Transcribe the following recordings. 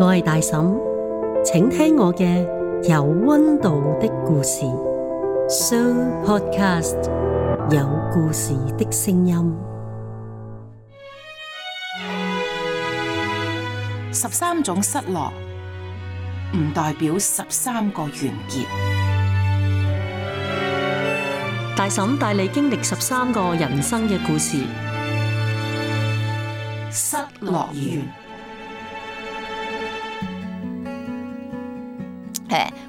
我係大嬸，請聽我嘅有溫度的故事，Show Podcast 有故事的聲音。十三種失落，唔代表十三個完結。大嬸帶你經歷十三個人生嘅故事，失落而完。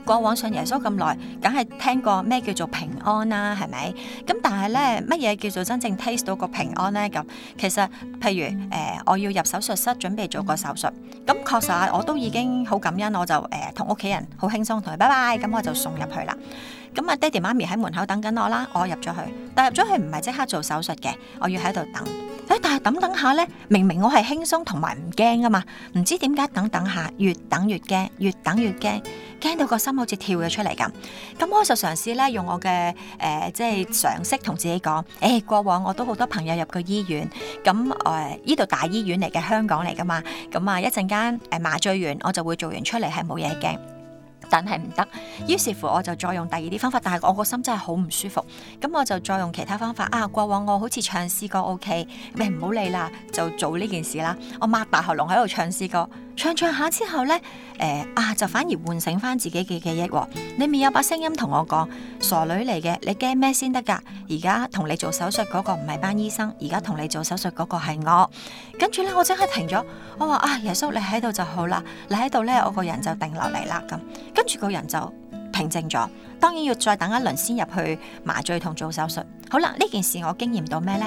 過往信耶穌咁耐，梗係聽過咩叫做平安啦，啊，係咪？咁但係咧，乜嘢叫做真正 taste 到個平安咧？咁其實，譬如誒，呃，我要入手術室準備做個手術，咁確實我都已經好感恩，我就誒同屋企人好輕鬆同佢拜拜，咁我就送入去啦。咁啊，爹哋媽咪喺門口等緊我啦，我入咗去，但入咗去唔係即刻做手術嘅，我要喺度等。誒，但係等等下咧，明明我係輕鬆同埋唔驚噶嘛，唔知點解等等下越等越驚，越等越驚，驚到個心好似跳咗出嚟咁。咁我就嘗試咧用我嘅誒、呃、即係常識同自己講，誒、欸、過往我都好多朋友入過醫院，咁誒依度大醫院嚟嘅香港嚟噶嘛，咁啊一陣間誒麻醉完我就會做完出嚟係冇嘢嘅。但係唔得，於是乎我就再用第二啲方法，但係我個心真係好唔舒服，咁我就再用其他方法啊！過往我好似唱詩歌 OK，你唔好理啦，就做呢件事啦，我擘大喉嚨喺度唱詩歌。唱唱下之後呢，誒、呃、啊就反而喚醒翻自己嘅記憶、哦，裏面有把聲音同我講：傻女嚟嘅，你驚咩先得噶？而家同你做手術嗰個唔係班醫生，而家同你做手術嗰個係我。跟住呢，我即刻停咗，我話啊，耶穌你喺度就好啦，你喺度呢，我個人就定落嚟啦咁。跟住個人就平靜咗，當然要再等一輪先入去麻醉同做手術。好啦，呢件事我經驗到咩呢？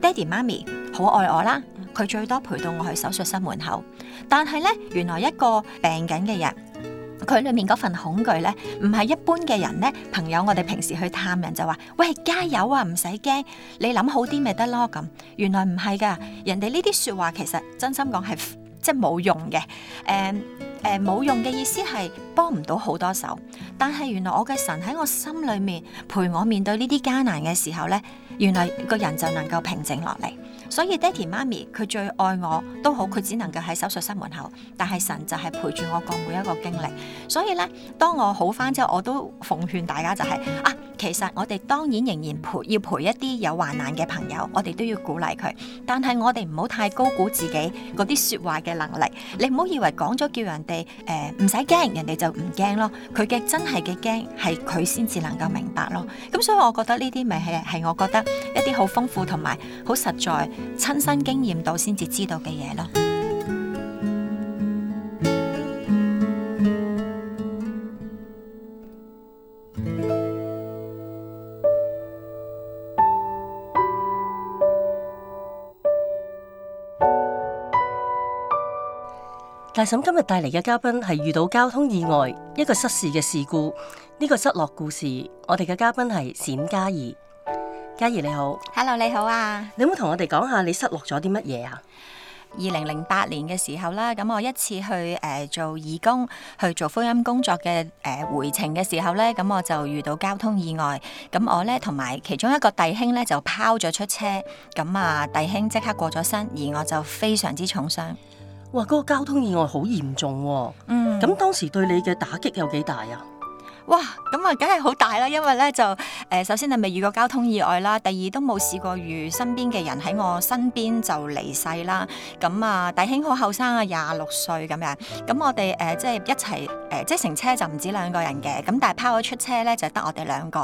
爹哋媽咪好愛我啦。佢最多陪到我去手術室門口，但係咧，原來一個病緊嘅人，佢裏面嗰份恐懼咧，唔係一般嘅人咧。朋友，我哋平時去探人就話：喂，加油啊，唔使驚，你諗好啲咪得咯。咁原來唔係噶，人哋呢啲說話其實真心講係即係冇用嘅。誒誒，冇用嘅意思係幫唔到好多手。但係原來我嘅神喺我心裏面陪我面對呢啲艱難嘅時候咧，原來個人就能夠平靜落嚟。所以爹地媽咪佢最愛我都好，佢只能夠喺手術室門口。但係神就係陪住我過每一個經歷。所以咧，當我好翻之後，我都奉勸大家就係啊，其實我哋當然仍然陪要陪一啲有患難嘅朋友，我哋都要鼓勵佢。但係我哋唔好太高估自己嗰啲説話嘅能力。你唔好以為講咗叫人哋誒，唔使驚，人哋就唔驚咯。佢嘅真係嘅驚係佢先至能夠明白咯。咁所以我覺得呢啲咪係係我覺得一啲好豐富同埋好實在。親身經驗到先至知道嘅嘢咯。大嬸今日帶嚟嘅嘉賓係遇到交通意外，一個失事嘅事故，呢個失落故事，我哋嘅嘉賓係冼嘉儀。嘉怡，你好，Hello 你好啊！你有冇同我哋講下你失落咗啲乜嘢啊？二零零八年嘅時候啦，咁我一次去誒、呃、做義工，去做福音工作嘅誒、呃、回程嘅時候咧，咁我就遇到交通意外。咁我咧同埋其中一個弟兄咧就拋咗出車，咁啊弟兄即刻過咗身，而我就非常之重傷。哇！嗰、那個交通意外好嚴重，啊，嗯，咁當時對你嘅打擊有幾大啊？哇，咁啊，梗係好大啦，因為咧就誒、呃、首先你未遇過交通意外啦，第二都冇試過遇身邊嘅人喺我身邊就離世啦。咁啊，弟兄好後生啊，廿六歲咁樣，咁我哋誒、呃、即係一齊誒、呃、即係乘車就唔止兩個人嘅，咁但係拋咗出車咧就得我哋兩個，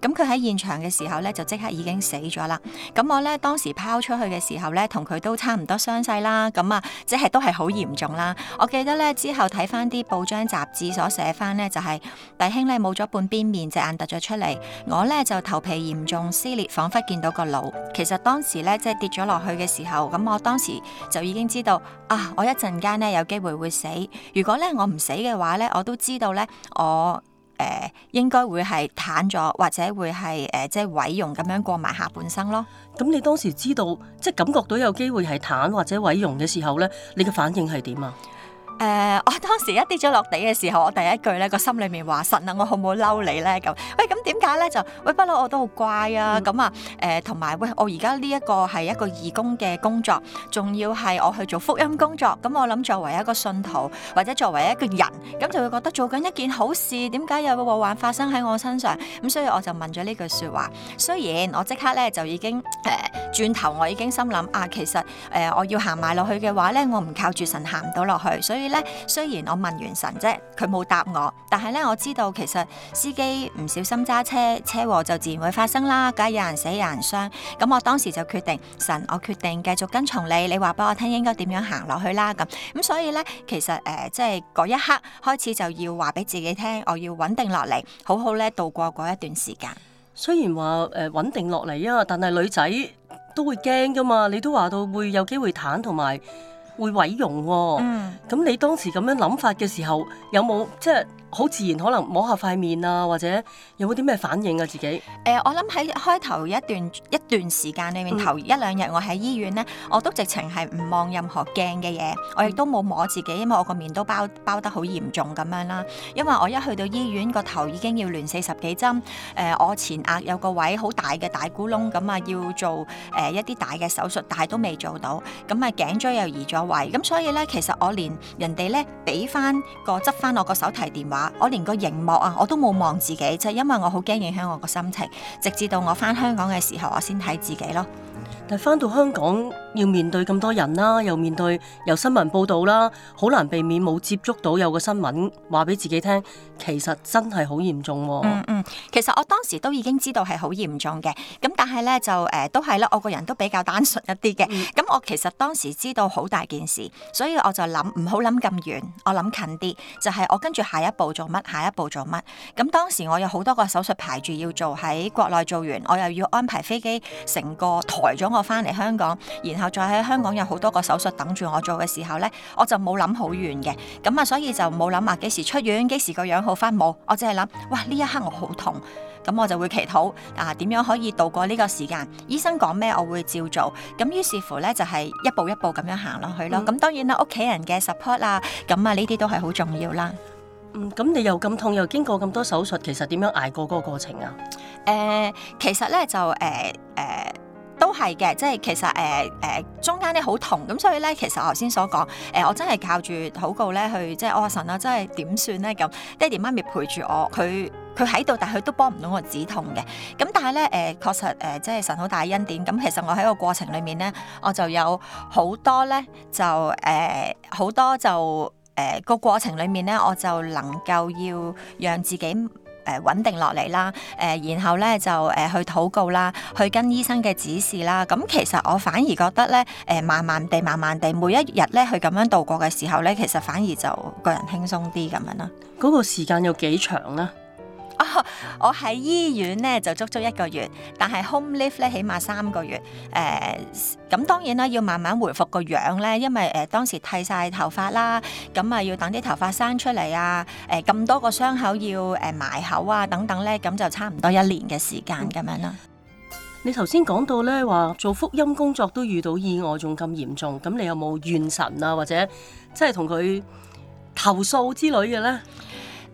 咁佢喺現場嘅時候咧就即刻已經死咗啦。咁我咧當時拋出去嘅時候咧同佢都差唔多傷勢啦。咁啊，即係都係好嚴重啦。我記得咧之後睇翻啲報章雜誌所寫翻咧就係、是、弟兄。冇咗半邊面，隻眼突咗出嚟。我咧就頭皮嚴重撕裂，仿佛見到個腦。其實當時咧即係跌咗落去嘅時候，咁我當時就已經知道啊，我一陣間咧有機會會死。如果咧我唔死嘅話咧，我都知道咧我誒、呃、應該會係癱咗，或者會係誒、呃、即係毀容咁樣過埋下半生咯。咁你當時知道即係感覺到有機會係癱或者毀容嘅時候咧，你嘅反應係點啊？誒、呃，我當時一跌咗落地嘅時候，我第一句咧個心裏面話神啊，我好冇嬲你咧咁。喂，咁點解咧就喂，不嬲我都好乖啊，咁啊誒，同、呃、埋喂，我而家呢一個係一個義工嘅工作，仲要係我去做福音工作。咁我諗作為一個信徒或者作為一個人，咁就會覺得做緊一件好事，點解有禍患發生喺我身上？咁、嗯、所以我就問咗呢句説話。雖然我即刻咧就已經誒、呃、轉頭，我已經心諗啊，其實誒、呃、我要行埋落去嘅話咧，我唔靠住神行到落去，所以。咧雖然我問完神啫，佢冇答我，但係咧我知道其實司機唔小心揸車車禍就自然會發生啦，梗係有人死有,有人傷，咁我當時就決定神，我決定繼續跟從你，你話俾我聽應該點樣行落去啦咁，咁所以咧其實誒、呃、即係嗰一刻開始就要話俾自己聽，我要穩定落嚟，好好咧度過嗰一段時間。雖然話誒、呃、穩定落嚟啊，但係女仔都會驚噶嘛，你都話到會有機會癱同埋。會毀容喎、哦！咁、嗯、你當時咁樣諗法嘅時候，有冇即係？好自然，可能摸下塊面啊，或者有冇啲咩反應啊？自己誒、呃、我諗喺開頭一段一段時間裏面、嗯、頭一兩日，我喺醫院咧，我都直情係唔望任何鏡嘅嘢，我亦都冇摸自己，因為我個面都包包得好嚴重咁樣啦。因為我一去到醫院個頭已經要亂四十幾針誒、呃、我前額有個位好大嘅大咕窿，咁啊要做誒一啲大嘅手術，但係都未做到，咁啊頸椎又移咗位，咁所以咧，其實我連人哋咧俾翻個執翻我個手提電話。我連個熒幕啊，我都冇望自己，就係因為我好驚影響我個心情。直至到我翻香港嘅時候，我先睇自己咯。但係翻到香港要面對咁多人啦、啊，又面對由新聞報道啦、啊，好難避免冇接觸到有個新聞話俾自己聽，其實真係好嚴重、啊嗯。嗯，其實我當時都已經知道係好嚴重嘅，咁但係呢，就誒、呃、都係啦，我個人都比較單純一啲嘅。咁、嗯、我其實當時知道好大件事，所以我就諗唔好諗咁遠，我諗近啲，就係、是、我跟住下一步。做乜？下一步做乜？咁當時我有好多個手術排住要做，喺國內做完，我又要安排飛機，成個抬咗我翻嚟香港，然後再喺香港有好多個手術等住我做嘅時候呢，我就冇諗好遠嘅咁啊，所以就冇諗啊，幾時出院，幾時個樣好翻冇，我只係諗哇呢一刻我好痛，咁我就會祈禱啊，點樣可以度過呢個時間？醫生講咩，我會照做咁，於是乎呢，就係、是、一步一步咁樣行落去咯。咁當然啦，屋企人嘅 support 啦、啊，咁啊呢啲都係好重要啦。嗯，咁你又咁痛，又經過咁多手術，其實點樣挨過嗰個過程啊？誒、呃，其實咧就誒誒、呃呃、都係嘅，即係其實誒誒、呃呃、中間咧好痛，咁所以咧其實我頭先所講，誒、呃、我真係靠住禱告咧去，即係、哦、我話神啊，真係點算咧咁？爹哋媽咪陪住我，佢佢喺度，但係佢都幫唔到我止痛嘅。咁但係咧誒，確、呃、實誒，即、呃、係神好大恩典。咁其實我喺個過程裏面咧，我就有好多咧就誒好、呃、多就。誒，個過程裏面咧，我就能夠要讓自己誒穩定落嚟啦，誒，然後咧就誒去禱告啦，去跟醫生嘅指示啦。咁其實我反而覺得咧，誒，慢慢地、慢慢地，每一日咧去咁樣度過嘅時候咧，其實反而就個人輕鬆啲咁樣啦。嗰個時間有幾長咧？Oh, 我喺醫院咧就足足一個月，但係 home life 咧起碼三個月。誒、呃，咁當然啦，要慢慢回復個樣咧，因為誒、呃、當時剃晒頭髮啦，咁啊要等啲頭髮生出嚟啊，誒、呃、咁多個傷口要誒、呃、埋口啊等等咧，咁就差唔多一年嘅時間咁樣啦。你頭先講到咧話做福音工作都遇到意外仲咁嚴重，咁你有冇怨神啊，或者即係同佢投訴之類嘅咧？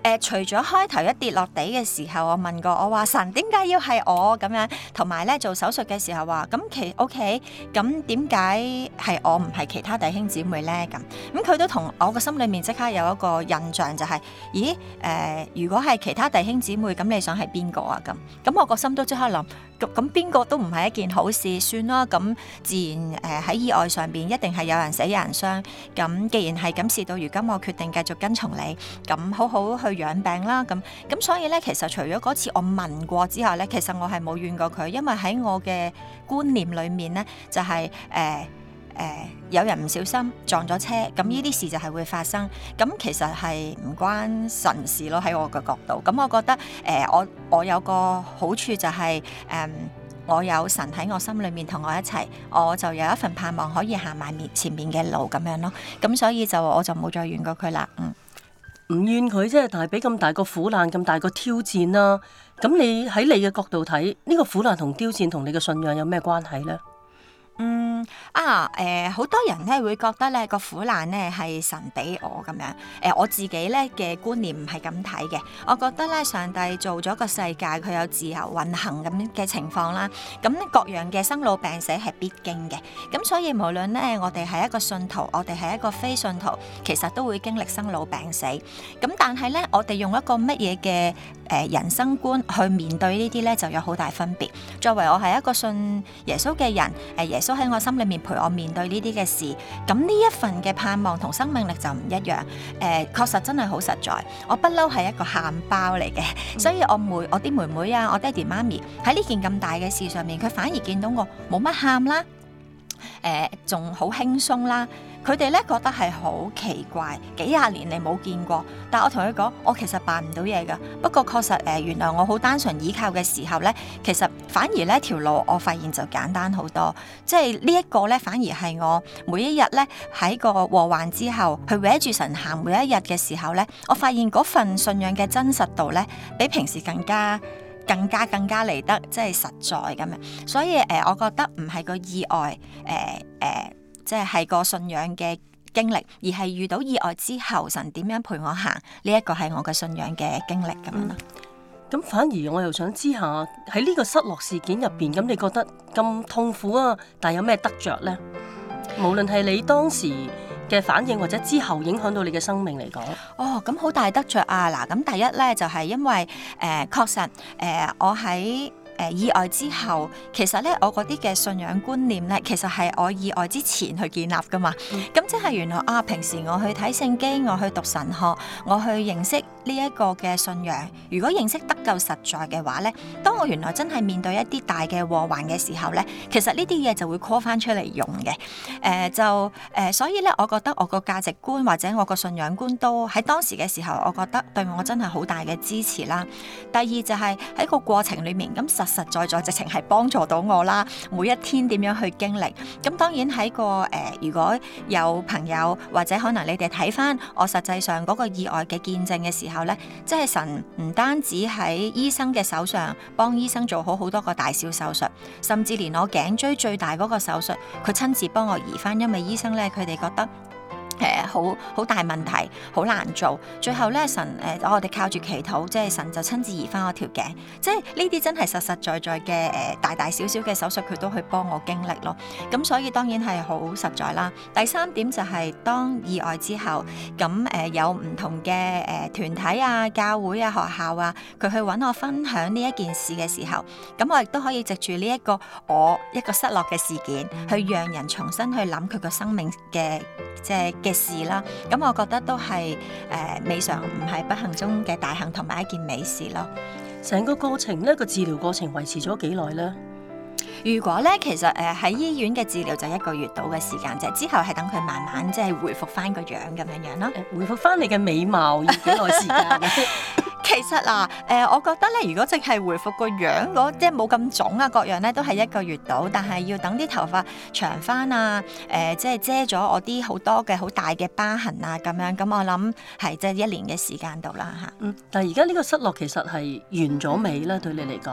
呃、除咗開頭一跌落地嘅時候，我問過我話神點解要係我咁樣，同埋咧做手術嘅時候話咁其 O K，咁點解係我唔係其他弟兄姊妹咧？咁咁佢都同我個心裏面即刻有一個印象就係、是，咦誒、呃，如果係其他弟兄姊妹，咁你想係邊個啊？咁咁我個心都即刻諗，咁邊個都唔係一件好事，算啦。咁自然誒喺、呃、意外上邊一定係有人死有人傷。咁既然係咁，事到如今，我決定繼續跟從你，咁好好去養病啦，咁咁所以咧，其實除咗嗰次我問過之後咧，其實我係冇怨過佢，因為喺我嘅觀念裏面咧，就係誒誒，有人唔小心撞咗車，咁呢啲事就係會發生，咁其實係唔關神事咯，喺我嘅角度，咁我覺得誒、呃，我我有個好處就係、是、誒、呃，我有神喺我心裏面同我一齊，我就有一份盼望可以行埋面前面嘅路咁樣咯，咁所以就我就冇再怨過佢啦，嗯。唔怨佢啫，但係俾咁大個苦難，咁大個挑戰啦，啊。咁你喺你嘅角度睇，呢個苦難同挑戰同你嘅信仰有咩關係咧？嗯啊，誒、呃，好多人咧會覺得咧個苦難咧係神俾我咁樣，誒、呃，我自己咧嘅觀念唔係咁睇嘅。我覺得咧上帝做咗個世界，佢有自由運行咁嘅情況啦，咁、嗯、各樣嘅生老病死係必經嘅。咁、嗯、所以無論咧我哋係一個信徒，我哋係一個非信徒，其實都會經歷生老病死。咁、嗯、但係咧我哋用一個乜嘢嘅誒人生觀去面對呢啲咧就有好大分別。作為我係一個信耶穌嘅人，誒、呃、耶穌。都喺我心裏面陪我面對呢啲嘅事，咁呢一份嘅盼望同生命力就唔一樣。誒、呃，確實真係好實在。我不嬲係一個喊包嚟嘅，所以我妹、我啲妹妹啊、我爹哋媽咪喺呢件咁大嘅事上面，佢反而見到我冇乜喊啦，誒、呃，仲好輕鬆啦。佢哋咧覺得係好奇怪，幾廿年嚟冇見過。但我同佢講，我其實扮唔到嘢㗎。不過確實誒、呃，原來我好單純依靠嘅時候咧，其實反而呢條路，我發現就簡單好多。即係呢一個咧，反而係我每一日咧喺個禍患之後去握住神行，每一日嘅時候咧，我發現嗰份信仰嘅真實度咧，比平時更加、更加、更加嚟得即係實在咁樣。所以誒、呃，我覺得唔係個意外誒誒。呃呃。即係係個信仰嘅經歷，而係遇到意外之後，神點樣陪我行？呢、這、一個係我嘅信仰嘅經歷咁樣咯。咁、嗯、反而我又想知下喺呢個失落事件入邊，咁你覺得咁痛苦啊？但有咩得着呢？無論係你當時嘅反應或者之後影響到你嘅生命嚟講，哦，咁好大得着啊！嗱，咁第一呢，就係、是、因為誒、呃，確實誒、呃，我喺。誒、呃、意外之後，其實咧，我嗰啲嘅信仰觀念咧，其實係我意外之前去建立㗎嘛。咁即係原來啊，平時我去睇聖經，我去讀神學，我去認識呢一個嘅信仰。如果認識得夠實在嘅話咧，當我原來真係面對一啲大嘅禍患嘅時候咧，其實呢啲嘢就會 call 返出嚟用嘅。誒、呃、就誒、呃，所以咧，我覺得我個價值觀或者我個信仰觀都喺當時嘅時候，我覺得對我真係好大嘅支持啦。第二就係、是、喺個過程裡面咁、嗯實在在直情係幫助到我啦，每一天點樣去經歷。咁當然喺個誒、呃，如果有朋友或者可能你哋睇翻我實際上嗰個意外嘅見證嘅時候呢，即係神唔單止喺醫生嘅手上幫醫生做好好多個大小手術，甚至連我頸椎最大嗰個手術，佢親自幫我移翻，因為醫生咧佢哋覺得。誒、呃、好好大問題，好難做。最後咧，神誒、呃、我哋靠住祈禱，即係神就親自移返我條頸。即係呢啲真係實實在在嘅誒、呃、大大小小嘅手術，佢都去幫我經歷咯。咁、嗯、所以當然係好實在啦。第三點就係、是、當意外之後，咁、嗯、誒、呃、有唔同嘅誒團體啊、教會啊、學校啊，佢去搵我分享呢一件事嘅時候，咁、嗯、我亦都可以藉住呢一個我一個失落嘅事件，去讓人重新去諗佢個生命嘅即係。即嘅事啦，咁我覺得都係誒、呃、未嘗唔係不幸中嘅大幸同埋一件美事咯。成個過程呢、呢個治療過程維持咗幾耐咧？如果咧，其實誒喺、呃、醫院嘅治療就一個月度嘅時間啫，之後係等佢慢慢即係恢復翻個樣咁樣樣咯。恢復翻你嘅美貌要幾耐時間？ 其實啊，誒、呃，我覺得咧，如果淨係回復個樣，嗰即係冇咁腫啊各樣咧，都係一個月到，但係要等啲頭髮長翻啊，誒、呃，即係遮咗我啲好多嘅好大嘅疤痕啊，咁樣，咁我諗係即係一年嘅時間度啦吓。啊、嗯，但係而家呢個失落其實係完咗未啦，對你嚟講，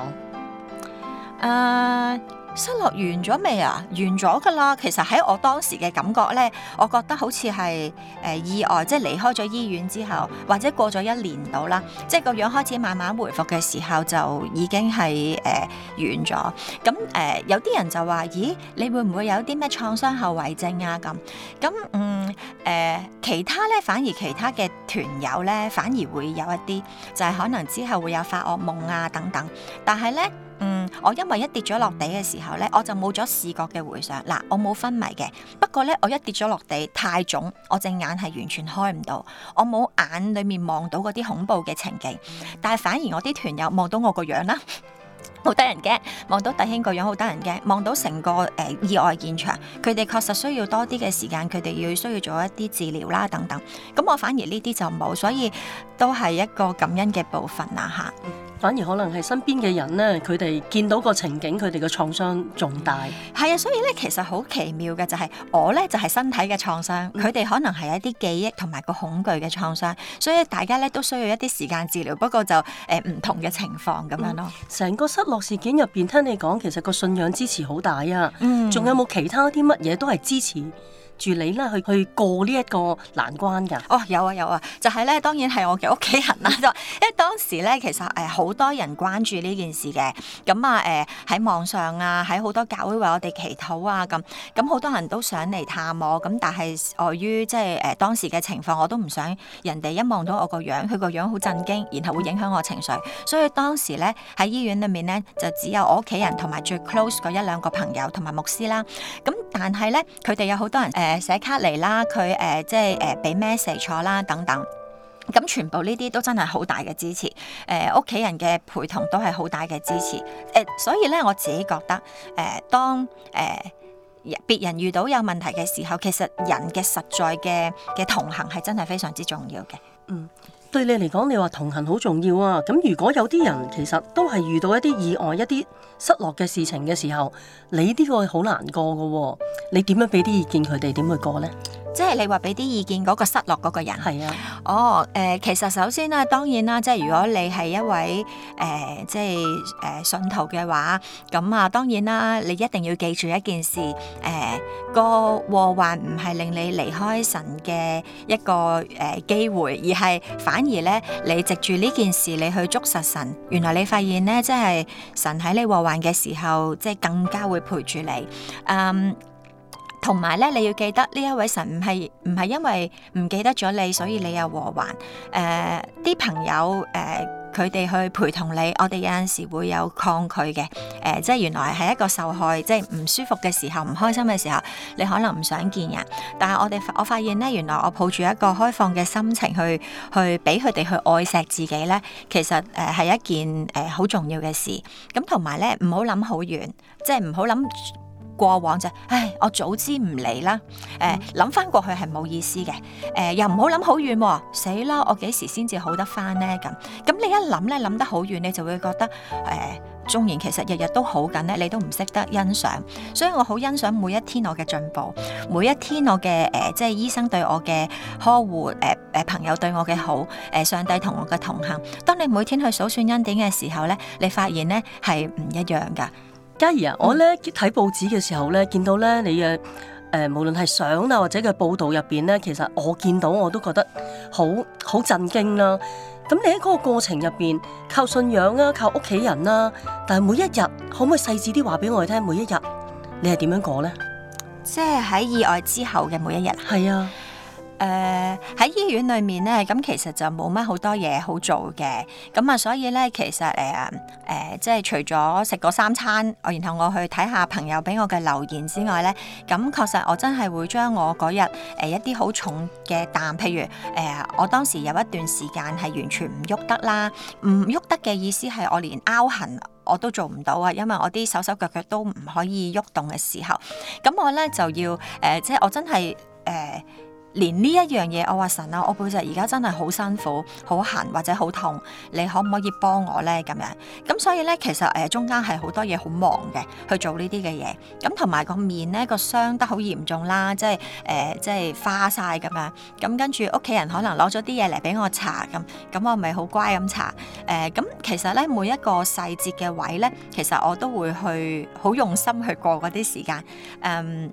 誒、啊。失落完咗未啊？完咗㗎啦。其實喺我當時嘅感覺咧，我覺得好似係誒意外，即係離開咗醫院之後，或者過咗一年到啦，即係個樣開始慢慢回復嘅時候，就已經係誒完咗。咁誒有啲人就話：咦，你會唔會有啲咩創傷後遺症啊？咁咁嗯誒，其他咧反而其他嘅團友咧反而會有一啲，就係可能之後會有發噩夢啊等等。但係咧。我因為一跌咗落地嘅時候呢，我就冇咗視覺嘅回想。嗱，我冇昏迷嘅，不過呢，我一跌咗落地太腫，我隻眼係完全開唔到，我冇眼裡面望到嗰啲恐怖嘅情景，但係反而我啲團友望到我個樣啦。好得人驚，望到弟兄個樣好得人驚，望到成個誒意外現場，佢哋確實需要多啲嘅時間，佢哋要需要做一啲治療啦等等。咁我反而呢啲就冇，所以都係一個感恩嘅部分啦吓，反而可能係身邊嘅人咧，佢哋見到個情景，佢哋嘅創傷仲大。係啊，所以咧其實好奇妙嘅就係、是、我咧就係、是、身體嘅創傷，佢哋、嗯、可能係一啲記憶同埋個恐懼嘅創傷，所以大家咧都需要一啲時間治療，不過就誒唔、呃、同嘅情況咁樣咯，成、嗯、個室。事件入邊，聽你講，其實個信仰支持好大啊！嗯，仲有冇其他啲乜嘢都係支持？住你啦，去去過呢一個難關㗎。哦，oh, 有啊有啊，就係、是、咧，當然係我嘅屋企人啦、啊。 因為當時咧，其實誒好多人關注呢件事嘅。咁啊誒喺網上啊，喺好多教會為我哋祈禱啊，咁咁好多人都想嚟探我。咁但係礙於即係誒當時嘅情況，我都唔想人哋一望到我個樣，佢個樣好震驚，然後會影響我情緒。所以當時咧喺醫院裏面咧，就只有我屋企人同埋最 close 嗰一兩個朋友同埋牧師啦。咁、嗯、但係咧，佢哋有好多人、呃誒，寫、呃、卡嚟啦，佢誒、呃，即係誒，俾 message 坐啦，等等，咁全部呢啲都真係好大嘅支持，誒、呃，屋企人嘅陪同都係好大嘅支持，誒、呃，所以咧，我自己覺得，誒、呃，當誒別、呃、人遇到有問題嘅時候，其實人嘅實在嘅嘅同行係真係非常之重要嘅，嗯。對你嚟講，你話同行好重要啊！咁如果有啲人其實都係遇到一啲意外、一啲失落嘅事情嘅時候，你呢個係好難過嘅喎、哦，你點樣俾啲意見佢哋點去過呢？即係你話俾啲意見，嗰、嗰個失落嗰個人。係啊的，哦，誒、呃，其實首先啦，當然啦，即係如果你係一位誒、呃，即係誒、呃、信徒嘅話，咁啊，當然啦，你一定要記住一件事，誒、呃，個禍患唔係令你離開神嘅一個誒機、呃、會，而係反而咧，你藉住呢件事，你去捉實神。原來你發現咧，即係神喺你禍患嘅時候，即係更加會陪住你。嗯。同埋咧，你要記得呢一位神唔係唔係因為唔記得咗你，所以你有禍患。誒、呃、啲朋友誒佢哋去陪同你，我哋有陣時會有抗拒嘅。誒、呃、即係原來係一個受害，即係唔舒服嘅時候，唔開心嘅時候，你可能唔想見人。但係我哋我發現咧，原來我抱住一個開放嘅心情去去俾佢哋去愛錫自己咧，其實誒係一件誒好、呃、重要嘅事。咁同埋咧，唔好諗好遠，即係唔好諗。過往就是、唉，我早知唔嚟啦。誒、呃，諗翻過去係冇意思嘅。誒、呃，又唔好諗好遠，死啦！我幾時先至好得翻呢？咁咁，你一諗咧諗得好遠，你就會覺得誒，縱、呃、然其實日日都好緊咧，你都唔識得欣賞。所以我好欣賞每一天我嘅進步，每一天我嘅誒、呃，即係醫生對我嘅呵護，誒、呃、誒，朋友對我嘅好，誒、呃，上帝同我嘅同行。當你每天去數算恩典嘅時候咧，你發現咧係唔一樣噶。嘉怡啊，嗯、我咧睇報紙嘅時候咧，見到咧你嘅誒、呃，無論係相啊，或者嘅報道入邊咧，其實我見到我都覺得好好震驚啦、啊。咁你喺嗰個過程入邊，靠信仰啊，靠屋企人啦、啊。但係每一日，可唔可以細緻啲話俾我哋聽？每一日你係點樣過咧？即係喺意外之後嘅每一日。係啊。誒喺、呃、醫院裏面咧，咁其實就冇乜好多嘢好做嘅，咁啊，所以咧，其實誒誒、呃呃，即係除咗食嗰三餐，然後我去睇下朋友俾我嘅留言之外咧，咁確實我真係會將我嗰日誒一啲好重嘅擔，譬如誒、呃，我當時有一段時間係完全唔喐得啦，唔喐得嘅意思係我連拗痕我都做唔到啊，因為我啲手手腳腳都唔可以喐動嘅時候，咁我咧就要誒、呃，即係我真係誒。呃連呢一樣嘢，我話神啊，我背脊而家真係好辛苦，好痕或者好痛，你可唔可以幫我咧？咁樣，咁所以咧，其實誒、呃、中間係好多嘢好忙嘅，去做呢啲嘅嘢。咁同埋個面咧，個傷得好嚴重啦，即係誒、呃、即係花晒咁樣。咁跟住屋企人可能攞咗啲嘢嚟俾我搽咁咁我咪好乖咁搽。誒、呃、咁其實咧，每一個細節嘅位咧，其實我都會去好用心去過嗰啲時間。嗯。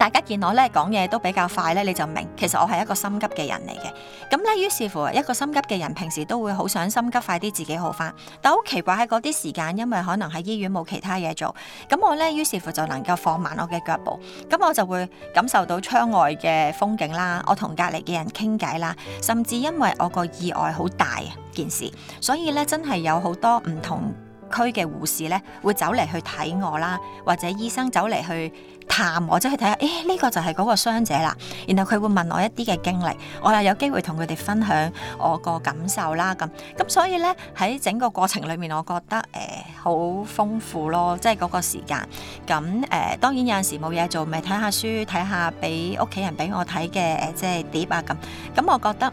大家見我咧講嘢都比較快咧，你就明其實我係一個心急嘅人嚟嘅。咁咧，於是乎一個心急嘅人，平時都會好想心急快啲自己好返。但好奇怪喺嗰啲時間，因為可能喺醫院冇其他嘢做，咁我咧於是乎就能夠放慢我嘅腳步。咁我就會感受到窗外嘅風景啦，我同隔離嘅人傾偈啦，甚至因為我個意外好大嘅件事，所以咧真係有好多唔同區嘅護士咧會走嚟去睇我啦，或者醫生走嚟去。探我，即係睇下，誒、哎、呢、呢個就係嗰個傷者啦。然後佢會問我一啲嘅經歷，我又有機會同佢哋分享我個感受啦。咁咁所以咧喺整個過程裏面，我覺得誒好、呃、豐富咯，即係嗰個時間。咁誒、呃、當然有陣時冇嘢做，咪睇下書，睇下俾屋企人俾我睇嘅誒，即係碟啊咁。咁、嗯、我覺得。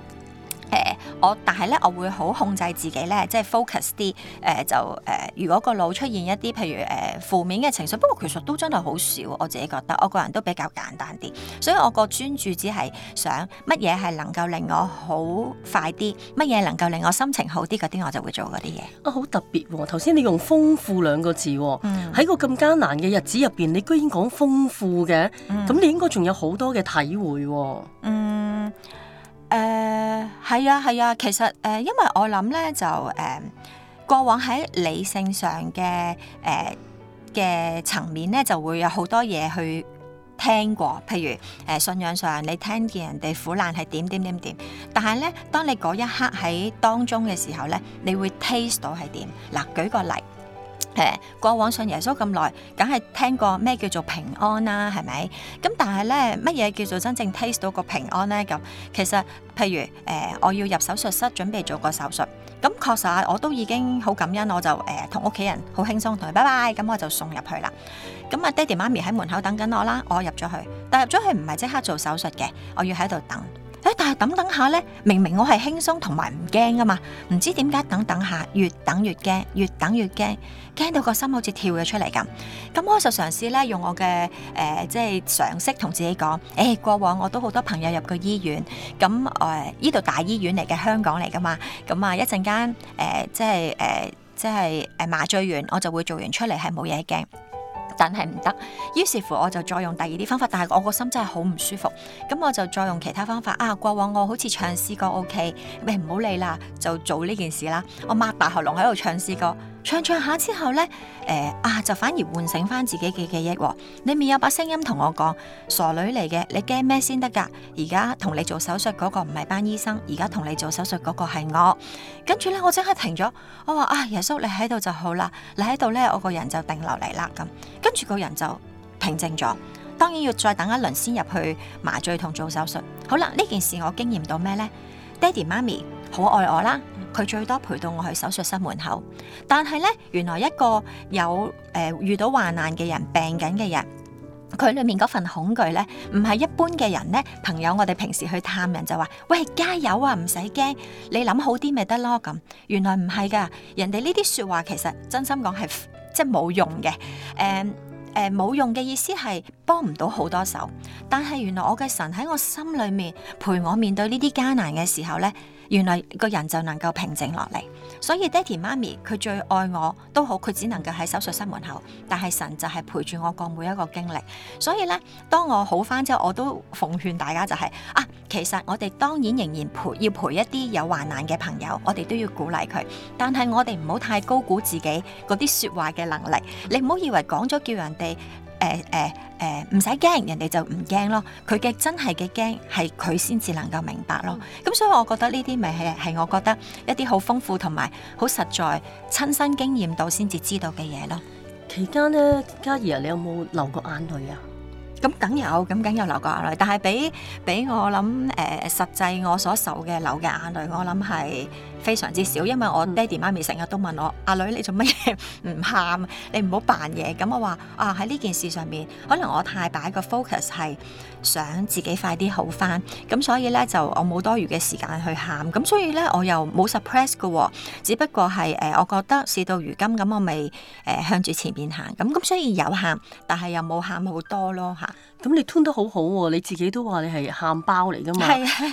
我但係咧，我會好控制自己咧，即係 focus 啲。誒、呃，就誒、呃，如果個腦出現一啲，譬如，誒負、呃、面嘅情緒，不過其實都真係好少。我自己覺得，我個人都比較簡單啲，所以我個專注只係想乜嘢係能夠令我好快啲，乜嘢能夠令我心情好啲，嗰啲我就會做嗰啲嘢。啊，好特別、哦！頭先你用豐富兩個字，、哦，喺、嗯、個咁艱難嘅日子入邊，你居然講豐富嘅，咁、嗯、你應該仲有好多嘅體會、哦。嗯。誒係、呃、啊係啊，其實誒、呃，因為我諗咧就誒、呃，過往喺理性上嘅誒嘅層面咧，就會有好多嘢去聽過，譬如誒、呃、信仰上你聽見人哋苦難係點點點點，但係咧，當你嗰一刻喺當中嘅時候咧，你會 taste 到係點。嗱、呃，舉個例。過往信耶穌咁耐，梗係聽過咩叫做平安啦、啊，係咪？咁但係咧，乜嘢叫做真正 taste 到個平安咧？咁其實譬如誒、呃，我要入手術室準備做個手術，咁確實我都已經好感恩，我就誒同屋企人好輕鬆同佢拜拜，咁我就送入去啦。咁阿爹哋媽咪喺門口等緊我啦，我入咗去，但係入咗去唔係即刻做手術嘅，我要喺度等。但係等等下咧，明明我係輕鬆同埋唔驚吖嘛，唔知點解等等下越等越驚，越等越驚，驚到個心好似跳咗出嚟咁。咁我就嘗試咧用我嘅誒、呃，即係常識同自己講，誒、欸，過往我都好多朋友入過醫院，咁誒，呃，呢度大醫院嚟嘅，香港嚟噶嘛，咁啊一陣間誒，即係誒、呃，即係誒麻醉完，我就會做完出嚟係冇嘢驚。但係唔得，於是乎我就再用第二啲方法，但係我個心真係好唔舒服。咁我就再用其他方法啊！過往我好似唱詩歌 O K，喂，唔好理啦，就做呢件事啦。我擘大喉嚨喺度唱詩歌，唱唱下之後呢，誒、呃、啊，就反而喚醒翻自己嘅記憶喎、哦。裏面有把聲音同我講：傻女嚟嘅，你驚咩先得㗎？而家同你做手術嗰個唔係班醫生，而家同你做手術嗰個係我。跟住呢，我即刻停咗。我話啊，耶穌你喺度就好啦，你喺度呢，我個人就定落嚟啦咁。跟住個人就平靜咗，當然要再等一輪先入去麻醉同做手術。好啦，呢件事我經驗到咩呢？爹哋媽咪好愛我啦，佢最多陪到我去手術室門口。但係呢，原來一個有誒、呃、遇到患難嘅人病緊嘅人，佢裏面嗰份恐懼呢，唔係一般嘅人呢朋友，我哋平時去探人就話：，喂，加油啊，唔使驚，你諗好啲咪得咯。咁原來唔係噶，人哋呢啲說話其實真心講係。即係冇用嘅，誒、嗯、誒，嗯、冇用嘅意思係幫唔到好多手，但係原來我嘅神喺我心裏面陪我面對呢啲艱難嘅時候咧。原來個人就能夠平靜落嚟，所以爹哋媽咪佢最愛我都好，佢只能夠喺手術室門口。但係神就係陪住我過每一個經歷。所以呢，當我好返之後，我都奉勸大家就係、是、啊，其實我哋當然仍然陪要陪一啲有患難嘅朋友，我哋都要鼓勵佢。但係我哋唔好太高估自己嗰啲説話嘅能力。你唔好以為講咗叫人哋。誒誒誒，唔使驚，人哋就唔驚咯。佢嘅真係嘅驚，係佢先至能夠明白咯。咁、嗯、所以我覺得呢啲咪係係我覺得一啲好豐富同埋好實在親身經驗到先至知道嘅嘢咯。期間咧，嘉怡啊，你有冇流過眼淚啊？咁梗有，咁梗有流過眼淚。但係比比我諗誒、呃，實際我所受嘅流嘅眼淚，我諗係。非常之少，因為我爹哋媽咪成日都問我：阿、啊、女你做乜嘢？唔喊，你唔好扮嘢。咁、啊嗯、我話啊喺呢件事上面，可能我太擺個 focus 係想自己快啲好翻。咁所以咧就我冇多餘嘅時間去喊。咁所以咧我又冇 suppress 嘅、哦。只不過係誒、呃，我覺得事到如今咁、嗯，我未誒、呃、向住前面行。咁咁所以有喊，但係又冇喊好多咯嚇。咁、嗯嗯、你吞得好好、哦、喎，你自己都話你係喊包嚟噶嘛，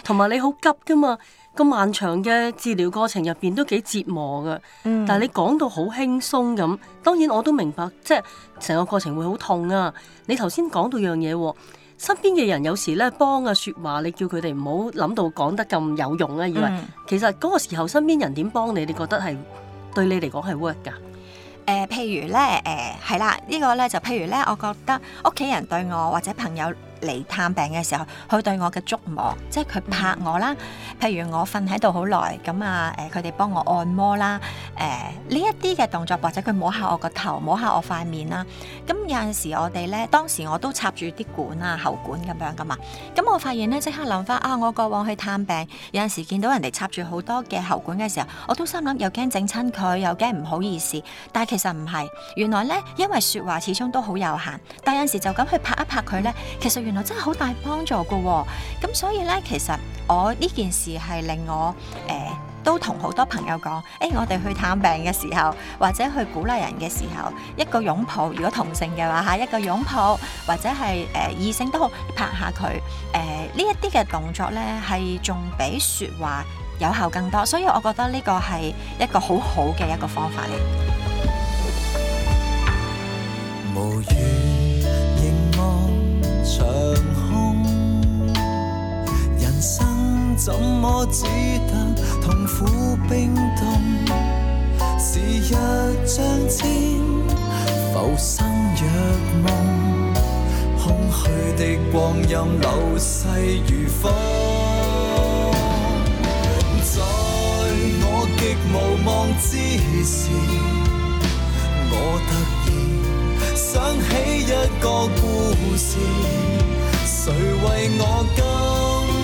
同埋是、啊、你好急噶嘛。 咁漫長嘅治療過程入邊都幾折磨噶，嗯、但係你講到好輕鬆咁，當然我都明白，即係成個過程會好痛啊。你頭先講到樣嘢，身邊嘅人有時咧幫啊說話，你叫佢哋唔好諗到講得咁有用啊。以為、嗯、其實嗰個時候身邊人點幫你，你覺得係對你嚟講係 work 噶？誒、呃，譬如咧，誒、呃，係啦，這個、呢個咧就譬如咧，我覺得屋企人對我或者朋友。嚟探病嘅時候，佢對我嘅觸摸，即係佢拍我啦。譬如我瞓喺度好耐，咁啊誒，佢哋幫我按摩啦。誒呢一啲嘅動作，或者佢摸下我個頭，摸下我塊面啦。咁有陣時我哋咧，當時我都插住啲管啊喉管咁樣噶嘛。咁我發現咧，即刻諗翻啊，我過往去探病，有陣時見到人哋插住好多嘅喉管嘅時候，我都心諗又驚整親佢，又驚唔好意思。但係其實唔係，原來咧，因為説話始終都好有限，但有陣時就咁去拍一拍佢咧，其實原。原來真係好大幫助噶、哦，咁所以呢，其實我呢件事係令我誒、呃、都同好多朋友講，誒、哎、我哋去探病嘅時候，或者去鼓勵人嘅時候，一個擁抱，如果同性嘅話吓，一個擁抱，或者係誒、呃、異性都好拍下佢，誒呢一啲嘅動作呢，係仲比説話有效更多，所以我覺得呢個係一個好好嘅一個方法嚟。怎麼只得痛苦冰凍？時日將遷，浮生若夢，空虛的光陰流逝如風。 在我極無望之時，我突然想起一個故事，誰為我？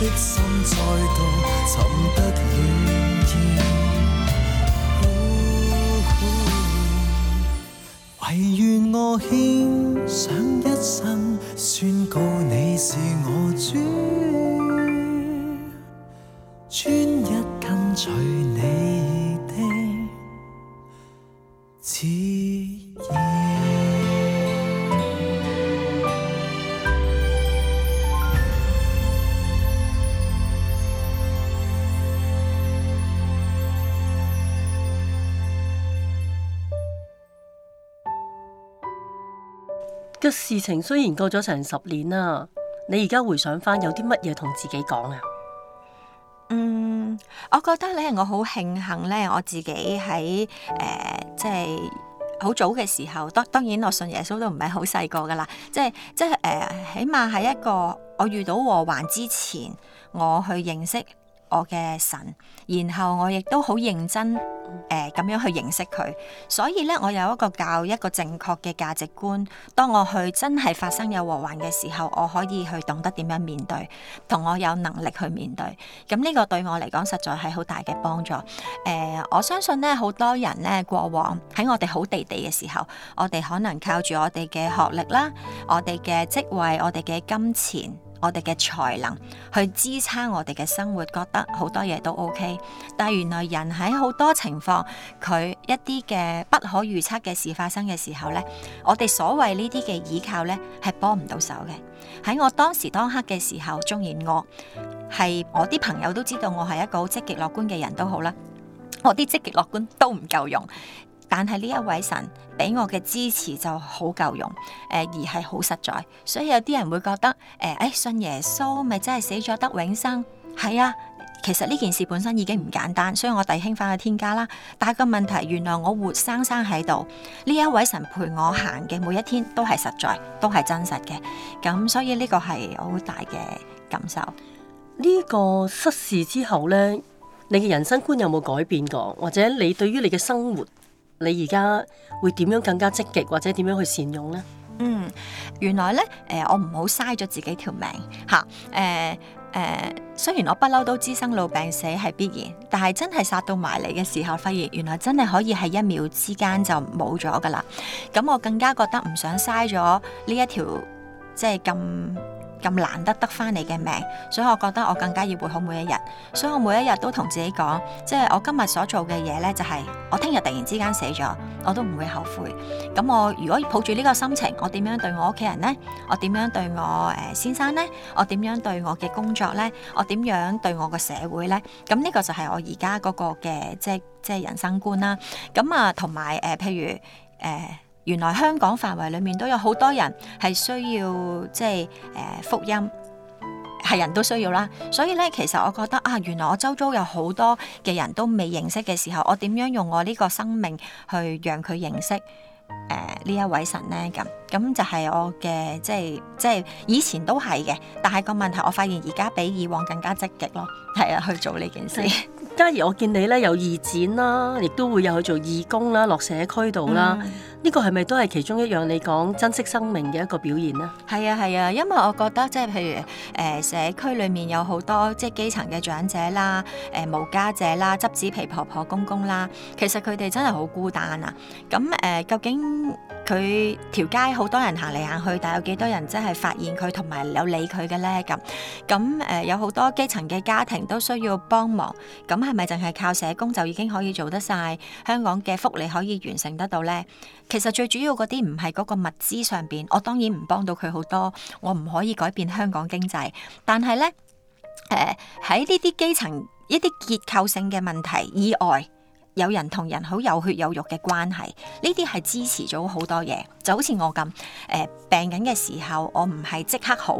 的心再度沉得暖意，哦哦、唯願我獻上一生，宣告你是我主，專一跟隨你。嘅事情雖然過咗成十年啦，你而家回想返有啲乜嘢同自己講啊？嗯，我覺得咧，我好慶幸咧，我自己喺誒、呃，即係好早嘅時候，當當然我信耶穌都唔係好細個噶啦，即係即係誒、呃，起碼係一個我遇到禍患之前，我去認識。我嘅神，然後我亦都好認真誒咁、呃、樣去認識佢，所以咧我有一個教，一個正確嘅價值觀。當我去真係發生有禍患嘅時候，我可以去懂得點樣面對，同我有能力去面對。咁、嗯、呢、這個對我嚟講，實在係好大嘅幫助。誒、呃，我相信咧，好多人咧過往喺我哋好地地嘅時候，我哋可能靠住我哋嘅學歷啦，我哋嘅職位，我哋嘅金錢，我哋嘅才能去支撐我哋嘅生活，覺得好多嘢都 OK，但係原來人喺好多情況，佢一啲嘅不可預測嘅事發生嘅時候呢，我哋所謂呢啲嘅倚靠呢，係幫唔到手嘅。喺我當時當刻嘅時候，縱然我係我啲朋友都知道我係一個好積極樂觀嘅人都好啦，我啲積極樂觀都唔夠用。但係呢一位神俾我嘅支持就好夠用，誒、呃、而係好實在，所以有啲人會覺得，誒、呃、誒、哎、信耶穌咪真係死咗得永生，係啊，其實呢件事本身已經唔簡單，所以我弟兄翻去添加啦。但係個問題，原來我活生生喺度，呢一位神陪我行嘅每一天都係實在，都係真實嘅，咁所以呢個係我好大嘅感受。呢個失事之後呢，你嘅人生觀有冇改變過，或者你對於你嘅生活？你而家會點樣更加積極，或者點樣去善用呢？嗯，原來咧，誒、呃，我唔好嘥咗自己條命吓，誒誒、呃呃，雖然我不嬲都知生老病死係必然，但係真係殺到埋嚟嘅時候，發現原來真係可以喺一秒之間就冇咗噶啦。咁我更加覺得唔想嘥咗呢一條，即係咁。咁難得得翻你嘅命，所以我覺得我更加要活好每一日。所以我每一日都同自己講，即係我今日所做嘅嘢呢，就係我聽日突然之間死咗，我都唔會後悔。咁我如果抱住呢個心情，我點樣對我屋企人呢？我點樣對我誒先生呢？我點樣對我嘅工作呢？我點樣對我嘅社會呢？咁呢個就係我而家嗰個嘅即即人生觀啦。咁啊，同埋誒，譬如誒。呃原來香港範圍裡面都有好多人係需要即係、呃、福音，係人都需要啦。所以咧，其實我覺得啊，原來我周遭有好多嘅人都未認識嘅時候，我點樣用我呢個生命去讓佢認識誒呢一位神呢？咁？咁就係我嘅，即係即係以前都係嘅，但係個問題，我發現而家比以往更加積極咯，係啊，去做呢件事。嘉怡，我見你咧有義展啦，亦都會有去做義工啦，落社區度啦，呢、嗯、個係咪都係其中一樣你講珍惜生命嘅一個表現呢？係啊係啊，因為我覺得即係譬如誒、呃、社區裏面有好多即係基層嘅長者啦、誒、呃、無家者啦、執紙皮婆，婆婆公公啦，其實佢哋真係好孤單啊！咁誒、呃，究竟？佢條街好多人行嚟行去，但有幾多人真係發現佢同埋有理佢嘅呢？咁咁誒，有好多基層嘅家庭都需要幫忙。咁係咪淨係靠社工就已經可以做得晒香港嘅福利可以完成得到呢？其實最主要嗰啲唔係嗰個物資上面，我當然唔幫到佢好多，我唔可以改變香港經濟。但係呢，誒喺呢啲基層一啲結構性嘅問題以外。有人同人好有血有肉嘅關係，呢啲係支持咗好多嘢，就好似我咁，誒、呃、病緊嘅時候，我唔係即刻好。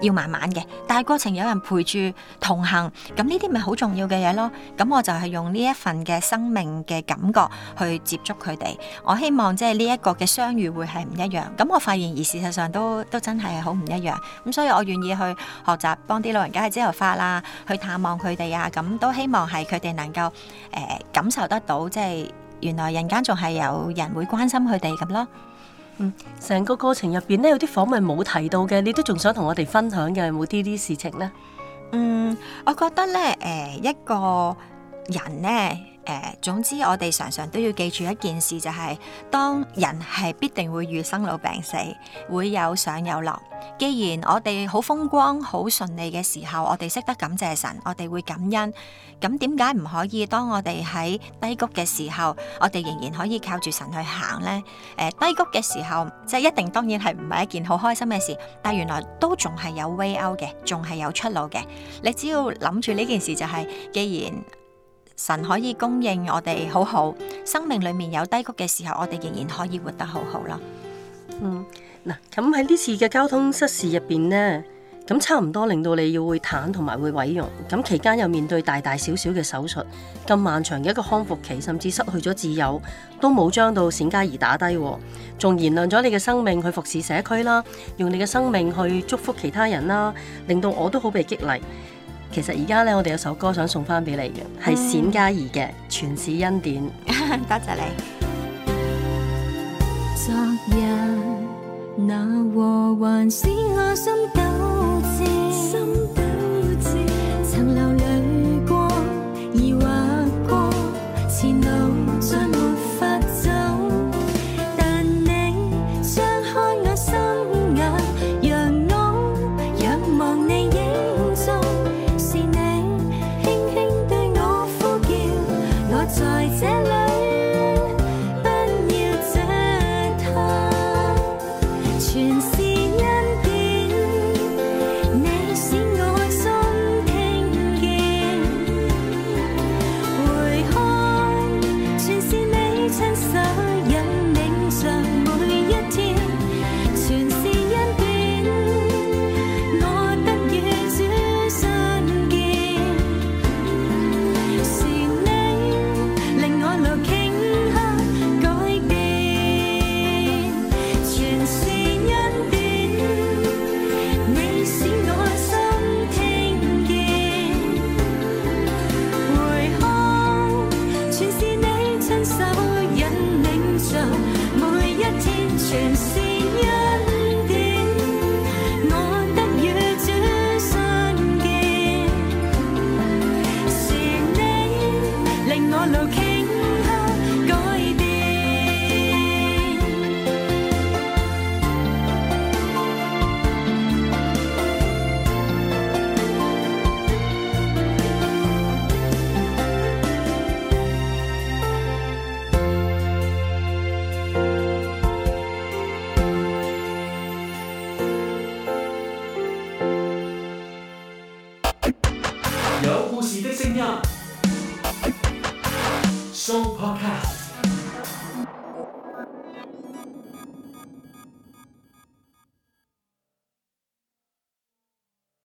要慢慢嘅，但係過程有人陪住同行，咁呢啲咪好重要嘅嘢咯。咁我就係用呢一份嘅生命嘅感覺去接觸佢哋，我希望即係呢一個嘅相遇會係唔一樣。咁我發現而事實上都都真係好唔一樣。咁所以我願意去學習幫啲老人家去剪頭髮啦，去探望佢哋啊。咁都希望係佢哋能夠誒、呃、感受得到，即係原來人間仲係有人會關心佢哋咁咯。嗯，成個過程入邊咧，有啲訪問冇提到嘅，你都仲想同我哋分享嘅，有冇啲啲事情咧？嗯，我覺得咧，誒、呃，一個人咧。誒，總之我哋常常都要記住一件事，就是，就係當人係必定會遇，生老病死，會有上有落。既然我哋好風光、好順利嘅時候，我哋識得感謝神，我哋會感恩。咁點解唔可以當我哋喺低谷嘅時候，我哋仍然可以靠住神去行呢？誒、呃，低谷嘅時候即係一定，當然係唔係一件好開心嘅事。但原來都仲係有 way out 嘅，仲係有出路嘅。你只要諗住呢件事，就是，就係既然。神可以供應我哋好好，生命裏面有低谷嘅時候，我哋仍然可以活得好好啦。嗯，嗱，咁喺呢次嘅交通失事入邊呢，咁差唔多令到你要會癱同埋會毀容，咁期間又面對大大小小嘅手術，咁漫長嘅一個康復期，甚至失去咗自由，都冇將到冼家怡打低，仲燃亮咗你嘅生命去服侍社區啦，用你嘅生命去祝福其他人啦，令到我都好被激勵。其實而家咧，我哋有首歌想送翻俾你嘅，係冼嘉怡嘅《全是恩典》。 多謝你。昨日那和還是我心糾結。